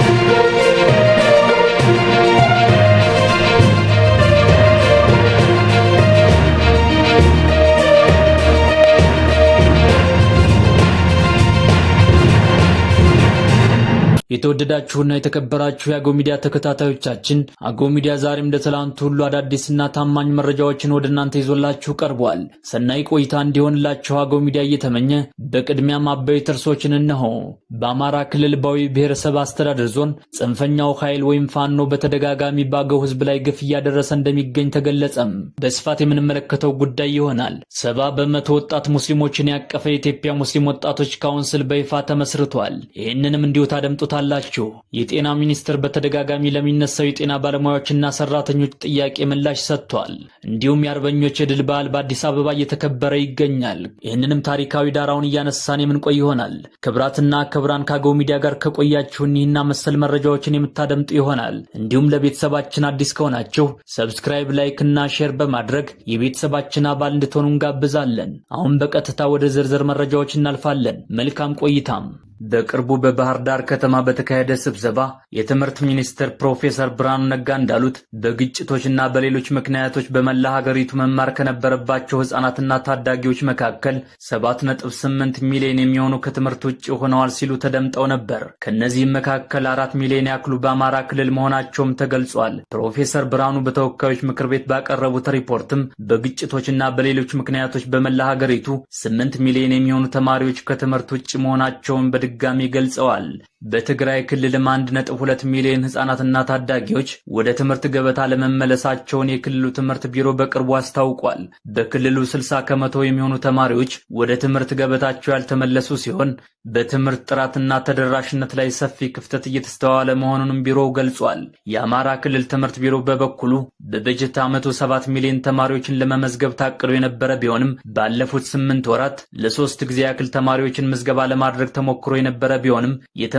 Música የተወደዳችሁና የተከበራችሁ የአገው ሚዲያ ተከታታዮቻችን አገው ሚዲያ ዛሬም እንደ ትላንቱ ሁሉ አዳዲስና ታማኝ መረጃዎችን ወደ እናንተ ይዞላችሁ ቀርቧል። ሰናይ ቆይታ እንዲሆንላችሁ አገው ሚዲያ እየተመኘ በቅድሚያም አበይት ርዕሶችን እነሆ። በአማራ ክልል ባዊ ብሔረሰብ አስተዳደር ዞን ጽንፈኛው ኃይል ወይም ፋኖ በተደጋጋሚ በአገው ህዝብ ላይ ግፍ እያደረሰ እንደሚገኝ ተገለጸም። በስፋት የምንመለከተው ጉዳይ ይሆናል። ሰባ በመቶ ወጣት ሙስሊሞችን ያቀፈ የኢትዮጵያ ሙስሊም ወጣቶች ካውንስል በይፋ ተመስርቷል። ይህንንም እንዲሁ ታደምጡታል አላችሁ? የጤና ሚኒስቴር በተደጋጋሚ ለሚነሳው የጤና ባለሙያዎችና ሰራተኞች ጥያቄ ምላሽ ሰጥቷል። እንዲሁም የአርበኞች የድል በዓል በአዲስ አበባ እየተከበረ ይገኛል። ይህንንም ታሪካዊ ዳራውን እያነሳን የምንቆይ ይሆናል። ክብራትና ክብራን ካገው ሚዲያ ጋር ከቆያችሁ እኒህና መሰል መረጃዎችን የምታደምጡ ይሆናል። እንዲሁም ለቤተሰባችን አዲስ ከሆናችሁ ሰብስክራይብ፣ ላይክ እና ሼር በማድረግ የቤተሰባችን አባል እንድትሆኑ እንጋብዛለን። አሁን በቀጥታ ወደ ዝርዝር መረጃዎች እናልፋለን። መልካም ቆይታም በቅርቡ በባህር ዳር ከተማ በተካሄደ ስብሰባ የትምህርት ሚኒስትር ፕሮፌሰር ብርሃኑ ነጋ እንዳሉት በግጭቶችና በሌሎች ምክንያቶች በመላ ሀገሪቱ መማር ከነበረባቸው ህጻናትና ታዳጊዎች መካከል 7.8 ሚሊዮን የሚሆኑ ከትምህርት ውጭ ሆነዋል ሲሉ ተደምጠው ነበር። ከእነዚህም መካከል አራት ሚሊዮን ያክሉ በአማራ ክልል መሆናቸውም ተገልጿል። ፕሮፌሰር ብርሃኑ በተወካዮች ምክር ቤት ባቀረቡት ሪፖርትም በግጭቶችና በሌሎች ምክንያቶች በመላ ሀገሪቱ 8 ሚሊዮን የሚሆኑ ተማሪዎች ከትምህርት ውጭ መሆናቸውን በድ በድጋሚ ገልጸዋል በትግራይ ክልልም 1.2 ሚሊዮን ህጻናትና ታዳጊዎች ወደ ትምህርት ገበታ ለመመለሳቸውን የክልሉ ትምህርት ቢሮ በቅርቡ አስታውቋል። በክልሉ 60 ከመቶ የሚሆኑ ተማሪዎች ወደ ትምህርት ገበታቸው ያልተመለሱ ሲሆን በትምህርት ጥራትና ተደራሽነት ላይ ሰፊ ክፍተት እየተስተዋለ መሆኑንም ቢሮው ገልጿል። የአማራ ክልል ትምህርት ቢሮ በበኩሉ በበጀት ዓመቱ 7 ሚሊዮን ተማሪዎችን ለመመዝገብ ታቅዶ የነበረ ቢሆንም ባለፉት 8 ወራት ለሶስት ጊዜ ያክል ተማሪዎችን ምዝገባ ለማድረግ ተሞክሮ የነበረ ቢሆንም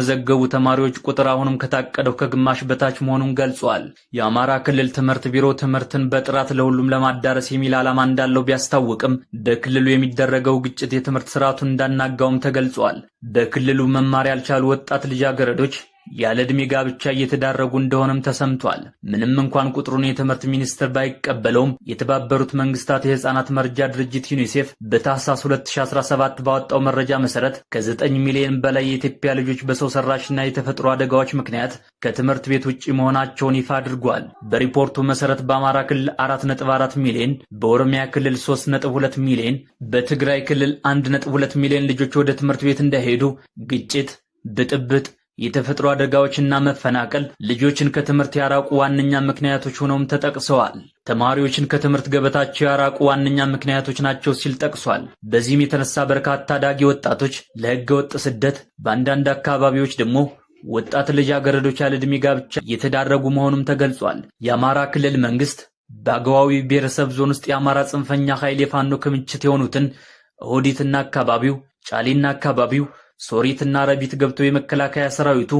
የተመዘገቡ ተማሪዎች ቁጥር አሁንም ከታቀደው ከግማሽ በታች መሆኑን ገልጿል። የአማራ ክልል ትምህርት ቢሮ ትምህርትን በጥራት ለሁሉም ለማዳረስ የሚል ዓላማ እንዳለው ቢያስታውቅም በክልሉ የሚደረገው ግጭት የትምህርት ስርዓቱን እንዳናጋውም ተገልጿል። በክልሉ መማር ያልቻሉ ወጣት ልጃገረዶች ያለ ዕድሜ ጋብቻ እየተዳረጉ እንደሆነም ተሰምቷል። ምንም እንኳን ቁጥሩን የትምህርት ሚኒስቴር ባይቀበለውም የተባበሩት መንግስታት የህፃናት መርጃ ድርጅት ዩኒሴፍ በታህሳስ 2017 ባወጣው መረጃ መሰረት ከ9 ሚሊዮን በላይ የኢትዮጵያ ልጆች በሰው ሰራሽና የተፈጥሮ አደጋዎች ምክንያት ከትምህርት ቤት ውጭ መሆናቸውን ይፋ አድርጓል። በሪፖርቱ መሰረት በአማራ ክልል 4.4 ሚሊዮን፣ በኦሮሚያ ክልል 3.2 ሚሊዮን፣ በትግራይ ክልል 1.2 ሚሊዮን ልጆች ወደ ትምህርት ቤት እንዳይሄዱ ግጭት፣ ብጥብጥ የተፈጥሮ አደጋዎችና መፈናቀል ልጆችን ከትምህርት ያራቁ ዋነኛ ምክንያቶች ሆነውም ተጠቅሰዋል። ተማሪዎችን ከትምህርት ገበታቸው ያራቁ ዋነኛ ምክንያቶች ናቸው ሲል ጠቅሷል። በዚህም የተነሳ በርካታ ዳጊ ወጣቶች ለህገወጥ ስደት፣ በአንዳንድ አካባቢዎች ደግሞ ወጣት ልጃገረዶች ያለ ዕድሜ ጋብቻ እየተዳረጉ መሆኑም ተገልጿል። የአማራ ክልል መንግስት በአገዋዊ ብሔረሰብ ዞን ውስጥ የአማራ ጽንፈኛ ኃይል የፋኖ ክምችት የሆኑትን እሁዲትና አካባቢው፣ ጫሊና አካባቢው ሶሪትና ረቢት ገብተው የመከላከያ ሰራዊቱ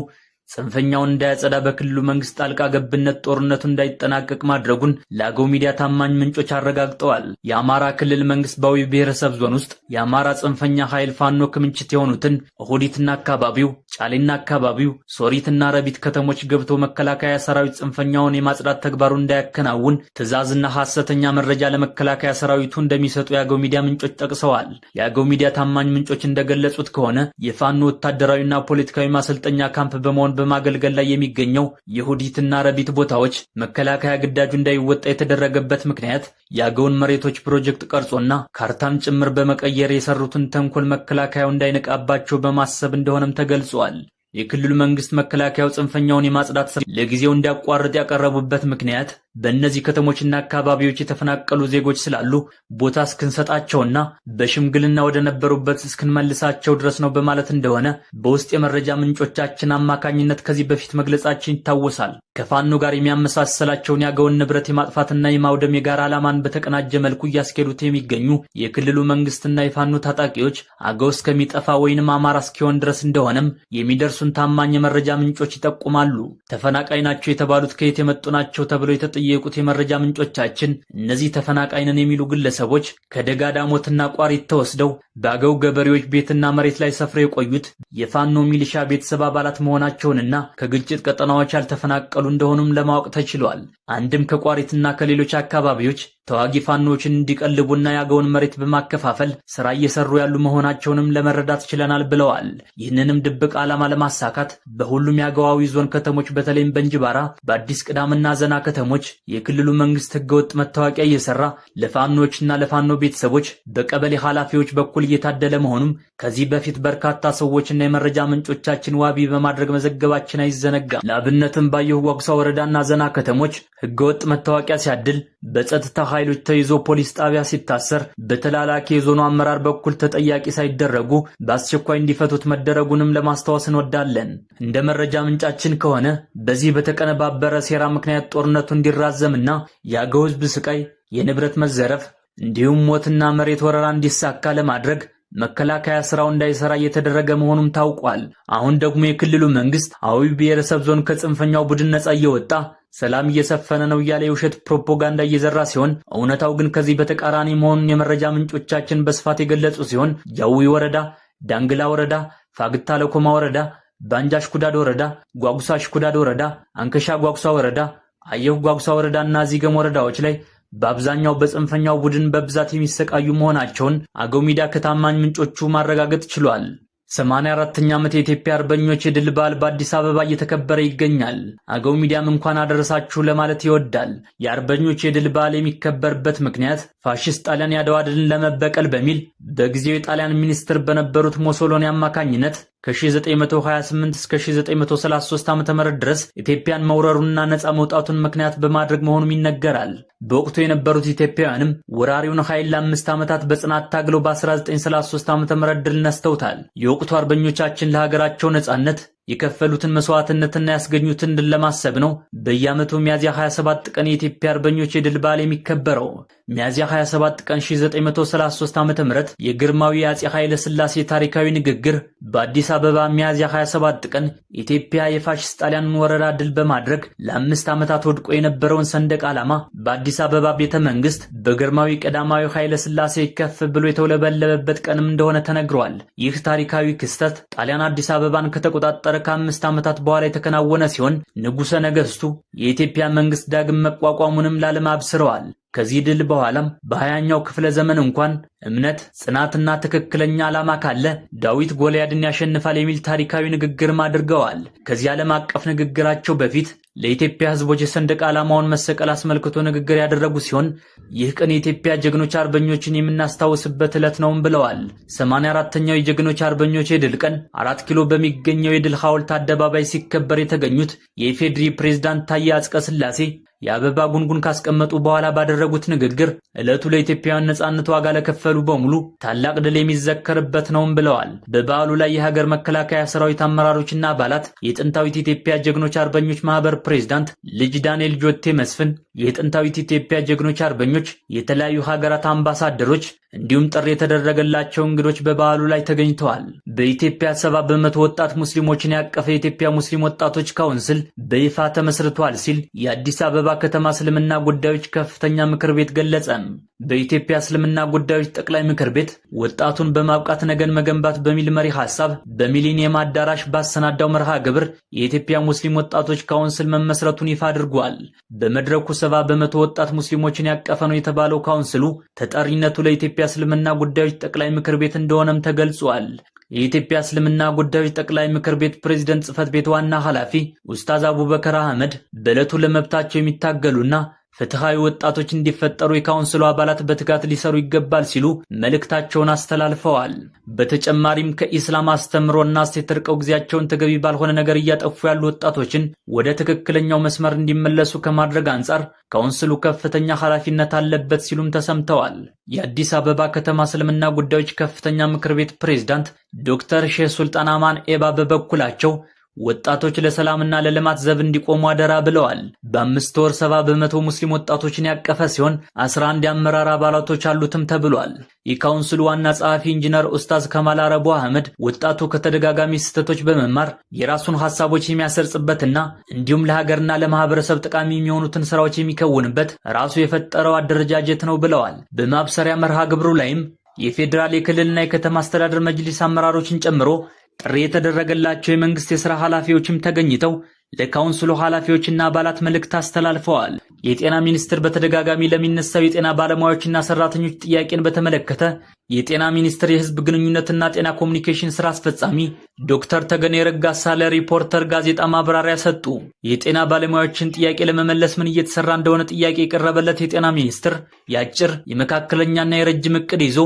ጽንፈኛውን እንዳያጸዳ በክልሉ መንግስት ጣልቃ ገብነት ጦርነቱ እንዳይጠናቀቅ ማድረጉን ለአገው ሚዲያ ታማኝ ምንጮች አረጋግጠዋል። የአማራ ክልል መንግስት በአዊ ብሔረሰብ ዞን ውስጥ የአማራ ጽንፈኛ ኃይል ፋኖ ክምችት የሆኑትን ኦህዲትና አካባቢው፣ ጫሌና አካባቢው፣ ሶሪትና ረቢት ከተሞች ገብቶ መከላከያ ሰራዊት ጽንፈኛውን የማጽዳት ተግባሩ እንዳያከናውን ትዕዛዝና ሐሰተኛ መረጃ ለመከላከያ ሰራዊቱ እንደሚሰጡ የአገው ሚዲያ ምንጮች ጠቅሰዋል። የአገው ሚዲያ ታማኝ ምንጮች እንደገለጹት ከሆነ የፋኖ ወታደራዊና ፖለቲካዊ ማሰልጠኛ ካምፕ በመሆን በማገልገል ላይ የሚገኘው የሁዲትና ረቢት ቦታዎች መከላከያ ግዳጁ እንዳይወጣ የተደረገበት ምክንያት የአገውን መሬቶች ፕሮጀክት ቀርጾና ካርታም ጭምር በመቀየር የሰሩትን ተንኮል መከላከያው እንዳይነቃባቸው በማሰብ እንደሆነም ተገልጿል። የክልሉ መንግስት መከላከያው ጽንፈኛውን የማጽዳት ስራ ለጊዜው እንዲያቋርጥ ያቀረቡበት ምክንያት በእነዚህ ከተሞችና አካባቢዎች የተፈናቀሉ ዜጎች ስላሉ ቦታ እስክንሰጣቸውና በሽምግልና ወደ ነበሩበት እስክንመልሳቸው ድረስ ነው በማለት እንደሆነ በውስጥ የመረጃ ምንጮቻችን አማካኝነት ከዚህ በፊት መግለጻችን ይታወሳል። ከፋኖ ጋር የሚያመሳሰላቸውን የአገውን ንብረት የማጥፋትና የማውደም የጋራ ዓላማን በተቀናጀ መልኩ እያስኬዱት የሚገኙ የክልሉ መንግስትና የፋኖ ታጣቂዎች አገው እስከሚጠፋ ወይንም አማራ እስኪሆን ድረስ እንደሆነም የሚደርሱ መድረሱን ታማኝ የመረጃ ምንጮች ይጠቁማሉ። ተፈናቃይ ናቸው የተባሉት ከየት የመጡ ናቸው ተብለው የተጠየቁት የመረጃ ምንጮቻችን እነዚህ ተፈናቃይ ነን የሚሉ ግለሰቦች ከደጋ ዳሞትና ቋሪት ተወስደው በአገው ገበሬዎች ቤትና መሬት ላይ ሰፍረው የቆዩት የፋኖ ሚሊሻ ቤተሰብ አባላት መሆናቸውንና ከግጭት ቀጠናዎች ያልተፈናቀሉ እንደሆኑም ለማወቅ ተችሏል። አንድም ከቋሪትና ከሌሎች አካባቢዎች ተዋጊ ፋኖዎችን እንዲቀልቡና የአገውን መሬት በማከፋፈል ስራ እየሰሩ ያሉ መሆናቸውንም ለመረዳት ችለናል ብለዋል። ይህንንም ድብቅ ዓላማ ለማሳካት በሁሉም የአገዋዊ ዞን ከተሞች በተለይም በእንጅባራ፣ በአዲስ ቅዳምና ዘና ከተሞች የክልሉ መንግስት ህገወጥ መታወቂያ እየሰራ ለፋኖዎችና ለፋኖ ቤተሰቦች በቀበሌ ኃላፊዎች በኩል እየታደለ መሆኑም ከዚህ በፊት በርካታ ሰዎችና የመረጃ ምንጮቻችን ዋቢ በማድረግ መዘገባችን አይዘነጋም። ለአብነትም ባየሁ ወቅሳ ወረዳና ዘና ከተሞች ህገወጥ መታወቂያ ሲያድል፣ በጸጥታ ኃይሎች ተይዞ ፖሊስ ጣቢያ ሲታሰር፣ በተላላኪ የዞኑ አመራር በኩል ተጠያቂ ሳይደረጉ በአስቸኳይ እንዲፈቱት መደረጉንም ለማስታወስ እንወዳለን። እንደ መረጃ ምንጫችን ከሆነ በዚህ በተቀነባበረ ሴራ ምክንያት ጦርነቱ እንዲራዘምና የአገው ህዝብ ስቃይ፣ የንብረት መዘረፍ እንዲሁም ሞትና መሬት ወረራ እንዲሳካ ለማድረግ መከላከያ ስራው እንዳይሰራ እየተደረገ መሆኑም ታውቋል። አሁን ደግሞ የክልሉ መንግስት አዊ ብሔረሰብ ዞን ከጽንፈኛው ቡድን ነጻ እየወጣ ሰላም እየሰፈነ ነው እያለ የውሸት ፕሮፓጋንዳ እየዘራ ሲሆን እውነታው ግን ከዚህ በተቃራኒ መሆኑን የመረጃ ምንጮቻችን በስፋት የገለጹ ሲሆን ጃዊ ወረዳ፣ ዳንግላ ወረዳ፣ ፋግታ ለኮማ ወረዳ፣ ባንጃሽ ኩዳድ ወረዳ፣ ጓጉሳ ሽኩዳድ ወረዳ፣ አንከሻ ጓጉሳ ወረዳ፣ አየሁ ጓጉሳ ወረዳ እና ዚገም ወረዳዎች ላይ በአብዛኛው በጽንፈኛው ቡድን በብዛት የሚሰቃዩ መሆናቸውን አገው ሚዲያ ከታማኝ ምንጮቹ ማረጋገጥ ችሏል። 84ኛ ዓመት የኢትዮጵያ አርበኞች የድል በዓል በአዲስ አበባ እየተከበረ ይገኛል። አገው ሚዲያም እንኳን አደረሳችሁ ለማለት ይወዳል። የአርበኞች የድል በዓል የሚከበርበት ምክንያት ፋሽስት ጣሊያን የአድዋ ድልን ለመበቀል በሚል በጊዜው የጣሊያን ሚኒስትር በነበሩት ሞሶሎኒ አማካኝነት ከ1928 እስከ 1933 ም ድረስ ኢትዮጵያን መውረሩንና ነፃ መውጣቱን ምክንያት በማድረግ መሆኑም ይነገራል። በወቅቱ የነበሩት ኢትዮጵያውያንም ወራሪውን ኃይል ለአምስት ዓመታት በጽናት ታግለው በ1933 ም ድል ነስተውታል። የወቅቱ አርበኞቻችን ለሀገራቸው ነፃነት የከፈሉትን መስዋዕትነትና ያስገኙትን ድል ለማሰብ ነው በየዓመቱ ሚያዝያ 27 ቀን የኢትዮጵያ አርበኞች የድል በዓል የሚከበረው። ሚያዝያ 27 ቀን 1933 ዓ ም የግርማዊ የአጼ ኃይለ ሥላሴ ታሪካዊ ንግግር በአዲስ አበባ ሚያዝያ 27 ቀን ኢትዮጵያ የፋሽስት ጣሊያንን ወረራ ድል በማድረግ ለአምስት ዓመታት ወድቆ የነበረውን ሰንደቅ ዓላማ በአዲስ አበባ ቤተ መንግሥት በግርማዊ ቀዳማዊ ኃይለ ሥላሴ ከፍ ብሎ የተውለበለበበት ቀንም እንደሆነ ተነግሯል። ይህ ታሪካዊ ክስተት ጣሊያን አዲስ አበባን ከተቆጣጠረ ከአምስት ዓመታት በኋላ የተከናወነ ሲሆን ንጉሠ ነገሥቱ የኢትዮጵያ መንግሥት ዳግም መቋቋሙንም ላለም አብስረዋል። ከዚህ ድል በኋላም በሀያኛው ክፍለ ዘመን እንኳን እምነት፣ ጽናትና ትክክለኛ ዓላማ ካለ ዳዊት ጎልያድን ያሸንፋል የሚል ታሪካዊ ንግግርም አድርገዋል። ከዚህ ዓለም አቀፍ ንግግራቸው በፊት ለኢትዮጵያ ሕዝቦች የሰንደቅ ዓላማውን መሰቀል አስመልክቶ ንግግር ያደረጉ ሲሆን ይህ ቀን የኢትዮጵያ ጀግኖች አርበኞችን የምናስታውስበት ዕለት ነውም ብለዋል። 84ተኛው የጀግኖች አርበኞች የድል ቀን አራት ኪሎ በሚገኘው የድል ሐውልት አደባባይ ሲከበር የተገኙት የኢፌድሪ ፕሬዝዳንት ታዬ አጽቀ ሥላሴ የአበባ ጉንጉን ካስቀመጡ በኋላ ባደረጉት ንግግር ዕለቱ ለኢትዮጵያውያን ነጻነት ዋጋ ለከፈሉ በሙሉ ታላቅ ድል የሚዘከርበት ነውም ብለዋል። በበዓሉ ላይ የሀገር መከላከያ ሰራዊት አመራሮችና አባላት፣ የጥንታዊት ኢትዮጵያ ጀግኖች አርበኞች ማህበር ፕሬዝዳንት ልጅ ዳንኤል ጆቴ መስፍን፣ የጥንታዊት ኢትዮጵያ ጀግኖች አርበኞች፣ የተለያዩ ሀገራት አምባሳደሮች እንዲሁም ጥሪ የተደረገላቸው እንግዶች በበዓሉ ላይ ተገኝተዋል። በኢትዮጵያ ሰባ በመቶ ወጣት ሙስሊሞችን ያቀፈ የኢትዮጵያ ሙስሊም ወጣቶች ካውንስል በይፋ ተመስርቷል ሲል የአዲስ አበባ አበባ ከተማ እስልምና ጉዳዮች ከፍተኛ ምክር ቤት ገለጸ። በኢትዮጵያ እስልምና ጉዳዮች ጠቅላይ ምክር ቤት ወጣቱን በማብቃት ነገን መገንባት በሚል መሪ ሐሳብ በሚሊኒየም አዳራሽ ባሰናዳው መርሃ ግብር የኢትዮጵያ ሙስሊም ወጣቶች ካውንስል መመስረቱን ይፋ አድርጓል። በመድረኩ ሰባ በመቶ ወጣት ሙስሊሞችን ያቀፈ ነው የተባለው ካውንስሉ ተጠሪነቱ ለኢትዮጵያ እስልምና ጉዳዮች ጠቅላይ ምክር ቤት እንደሆነም ተገልጿል። የኢትዮጵያ እስልምና ጉዳዮች ጠቅላይ ምክር ቤት ፕሬዚደንት ጽህፈት ቤት ዋና ኃላፊ ኡስታዝ አቡበከር አህመድ በዕለቱ ለመብታቸው የሚታገሉና ፍትሐዊ ወጣቶች እንዲፈጠሩ የካውንስሉ አባላት በትጋት ሊሰሩ ይገባል ሲሉ መልእክታቸውን አስተላልፈዋል። በተጨማሪም ከኢስላም አስተምሮና እሴት ርቀው ጊዜያቸውን ተገቢ ባልሆነ ነገር እያጠፉ ያሉ ወጣቶችን ወደ ትክክለኛው መስመር እንዲመለሱ ከማድረግ አንጻር ካውንስሉ ከፍተኛ ኃላፊነት አለበት ሲሉም ተሰምተዋል። የአዲስ አበባ ከተማ እስልምና ጉዳዮች ከፍተኛ ምክር ቤት ፕሬዝዳንት ዶክተር ሼህ ሱልጣን አማን ኤባ በበኩላቸው ወጣቶች ለሰላምና ለልማት ዘብ እንዲቆሙ አደራ ብለዋል። በአምስት ወር ሰባ በመቶ ሙስሊም ወጣቶችን ያቀፈ ሲሆን 11 የአመራር አባላቶች አሉትም ተብሏል። የካውንስሉ ዋና ጸሐፊ ኢንጂነር ኡስታዝ ከማል አረቡ አህመድ ወጣቱ ከተደጋጋሚ ስህተቶች በመማር የራሱን ሀሳቦች የሚያሰርጽበትና እንዲሁም ለሀገርና ለማህበረሰብ ጠቃሚ የሚሆኑትን ስራዎች የሚከውንበት ራሱ የፈጠረው አደረጃጀት ነው ብለዋል። በማብሰሪያ መርሃ ግብሩ ላይም የፌዴራል የክልልና የከተማ አስተዳደር መጅሊስ አመራሮችን ጨምሮ ጥሪ የተደረገላቸው የመንግስት የሥራ ኃላፊዎችም ተገኝተው ለካውንስሉ ኃላፊዎችና አባላት መልእክት አስተላልፈዋል። የጤና ሚኒስትር በተደጋጋሚ ለሚነሳው የጤና ባለሙያዎችና ሰራተኞች ጥያቄን በተመለከተ የጤና ሚኒስትር የህዝብ ግንኙነትና ጤና ኮሚኒኬሽን ስራ አስፈጻሚ ዶክተር ተገኔ ረጋሳ ለሪፖርተር ጋዜጣ ማብራሪያ ሰጡ። የጤና ባለሙያዎችን ጥያቄ ለመመለስ ምን እየተሰራ እንደሆነ ጥያቄ የቀረበለት የጤና ሚኒስትር የአጭር የመካከለኛና የረጅም እቅድ ይዞ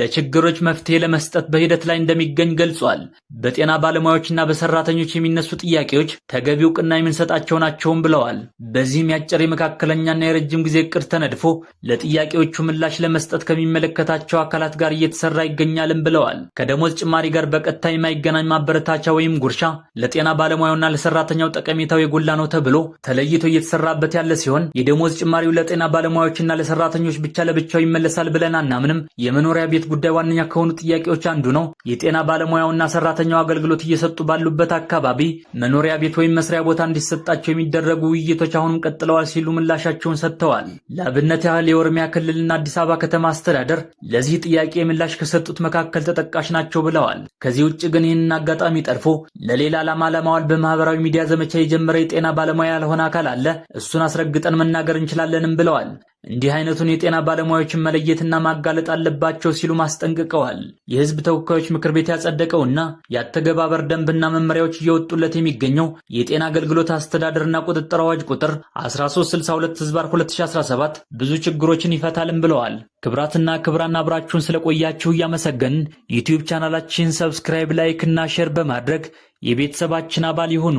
ለችግሮች መፍትሄ ለመስጠት በሂደት ላይ እንደሚገኝ ገልጿል። በጤና ባለሙያዎችና በሰራተኞች የሚነሱ ጥያቄዎች ተገቢ እውቅና የምንሰጣቸው ናቸውም ብለዋል። በዚህም የአጭር የመካከለኛና የረጅም ጊዜ እቅድ ተነድፎ ለጥያቄዎቹ ምላሽ ለመስጠት ከሚመለከታቸው አካላት ጋር እየተሰራ ይገኛልም ብለዋል። ከደሞዝ ጭማሪ ጋር በቀጥታ የማይገናኝ ማበረታቻ ወይም ጉርሻ ለጤና ባለሙያውና ለሰራተኛው ጠቀሜታው የጎላ ነው ተብሎ ተለይቶ እየተሰራበት ያለ ሲሆን የደሞዝ ጭማሪው ለጤና ባለሙያዎችና ለሰራተኞች ብቻ ለብቻው ይመለሳል ብለን አናምንም። የመኖሪያ ቤት የቤት ጉዳይ ዋነኛ ከሆኑ ጥያቄዎች አንዱ ነው። የጤና ባለሙያውና ሰራተኛው አገልግሎት እየሰጡ ባሉበት አካባቢ መኖሪያ ቤት ወይም መስሪያ ቦታ እንዲሰጣቸው የሚደረጉ ውይይቶች አሁንም ቀጥለዋል ሲሉ ምላሻቸውን ሰጥተዋል። ለአብነት ያህል የኦሮሚያ ክልልና አዲስ አበባ ከተማ አስተዳደር ለዚህ ጥያቄ ምላሽ ከሰጡት መካከል ተጠቃሽ ናቸው ብለዋል። ከዚህ ውጭ ግን ይህንን አጋጣሚ ጠልፎ ለሌላ ዓላማ ለማዋል በማህበራዊ ሚዲያ ዘመቻ የጀመረ የጤና ባለሙያ ያልሆነ አካል አለ፣ እሱን አስረግጠን መናገር እንችላለንም ብለዋል። እንዲህ አይነቱን የጤና ባለሙያዎችን መለየትና ማጋለጥ አለባቸው ሲሉ አስጠንቅቀዋል። የህዝብ ተወካዮች ምክር ቤት ያጸደቀውና የአተገባበር ደንብና መመሪያዎች እየወጡለት የሚገኘው የጤና አገልግሎት አስተዳደርና ቁጥጥር አዋጅ ቁጥር 1362 ህዝባር 2017 ብዙ ችግሮችን ይፈታልም ብለዋል። ክብራትና ክብራን አብራችሁን ስለቆያችሁ እያመሰገንን ዩቲዩብ ቻናላችን ሰብስክራይብ፣ ላይክ እና ሼር በማድረግ የቤተሰባችን አባል ይሁኑ።